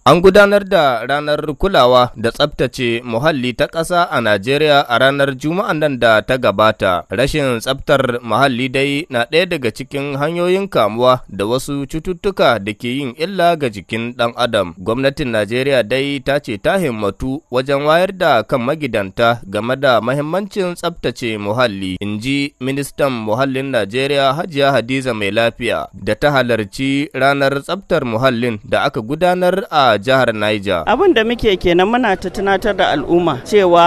An gudanar da ranar kulawa da tsabtace muhalli ta ƙasa a Najeriya a ranar Juma'an nan da ta gabata. Rashin tsabtar muhalli dai na ɗaya daga cikin hanyoyin kamuwa da wasu cututtuka da ke yin illa ga jikin ɗan adam. Gwamnatin Najeriya dai ta ce ta himmatu wajen wayar da kan magidanta game da mahimmancin tsabtace muhalli, in ji ministan muhallin Najeriya Hajiya Hadiza Mai Lafiya da ta halarci ranar tsabtar muhallin da aka gudanar a a jihar Niger. Abin da muke kenan muna ta tunatar da al'umma cewa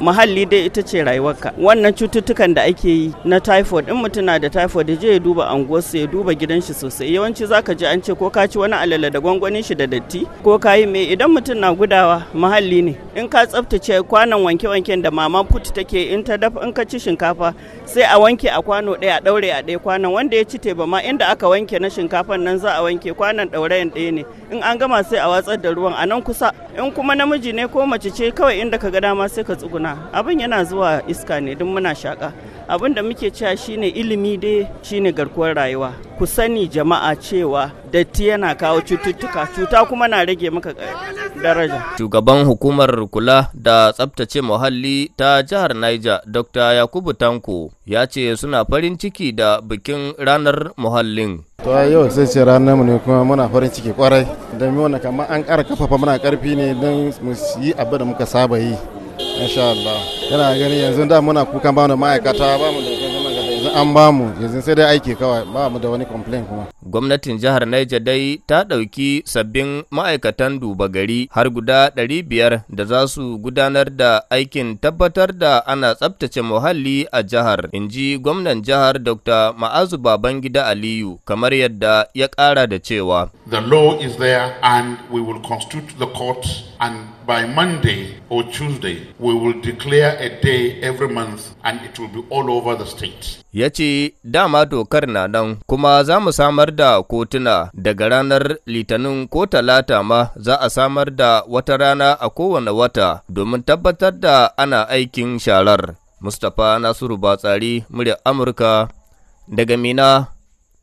muhalli dai ita ce rayuwarka. Wannan cututtukan da ake yi na typhoid in mutum na da typhoid ya je ya duba anguwarsa ya duba gidan shi sosai yawanci zaka ji an ce ko ka ci wani alala da gwangwanin shi da datti ko ka yi mai idan mutum na gudawa muhalli ne in ka tsaftace kwanan wanke-wanken da mama put take in ta dafa in ka ci shinkafa sai a wanke a kwano ɗaya a ɗaure a ɗaya kwanan wanda ya ci teba ma inda aka wanke na shinkafan nan za a wanke kwanan ɗaurayen ɗaya ne in an gama sai a watsar da ruwan a nan kusa in kuma namiji ne ko mace ce kawai inda ka ga dama sai ka tsuguna abin yana zuwa iska ne duk muna shaka abin da muke cewa shine ilimi dai shine garkuwar rayuwa ku sani jama'a cewa datti yana kawo cututtuka cuta kuma na rage maka daraja shugaban hukumar kula da tsabtace muhalli ta jihar Niger Dr. Yakubu Tanko ya ce suna farin ciki da bikin ranar muhallin to yau sai ce ranar mu ne kuma muna farin ciki kwarai don mu kamar an ƙara kafafa muna karfi ne don mu yi abin da muka saba yi insha Allah yana gani yanzu da muna kukan ba mu da ma'aikata ba mu da yanzu an ba mu yanzu sai dai aiki kawai ba mu da wani complain kuma gwamnatin jihar Niger dai ta ɗauki sabbin ma'aikatan duba gari har guda 500 da za su gudanar da aikin tabbatar da ana tsabtace muhalli a jihar inji gwamnan jihar Dr. Ma'azu Babangida Aliyu kamar yadda ya ƙara da cewa The law is there, and we will constitute the court And by Monday or Tuesday, we will declare a day every month, and it will be all over the state. Ya ce, dama dokar na nan, kuma za mu samar da kotuna daga ranar Litinin ko Talata ma za a samar da wata rana a kowane wata domin tabbatar da ana aikin sharar. Mustapha Nasiru Batsari, murya Amurka, daga Mina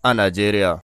a Najeriya.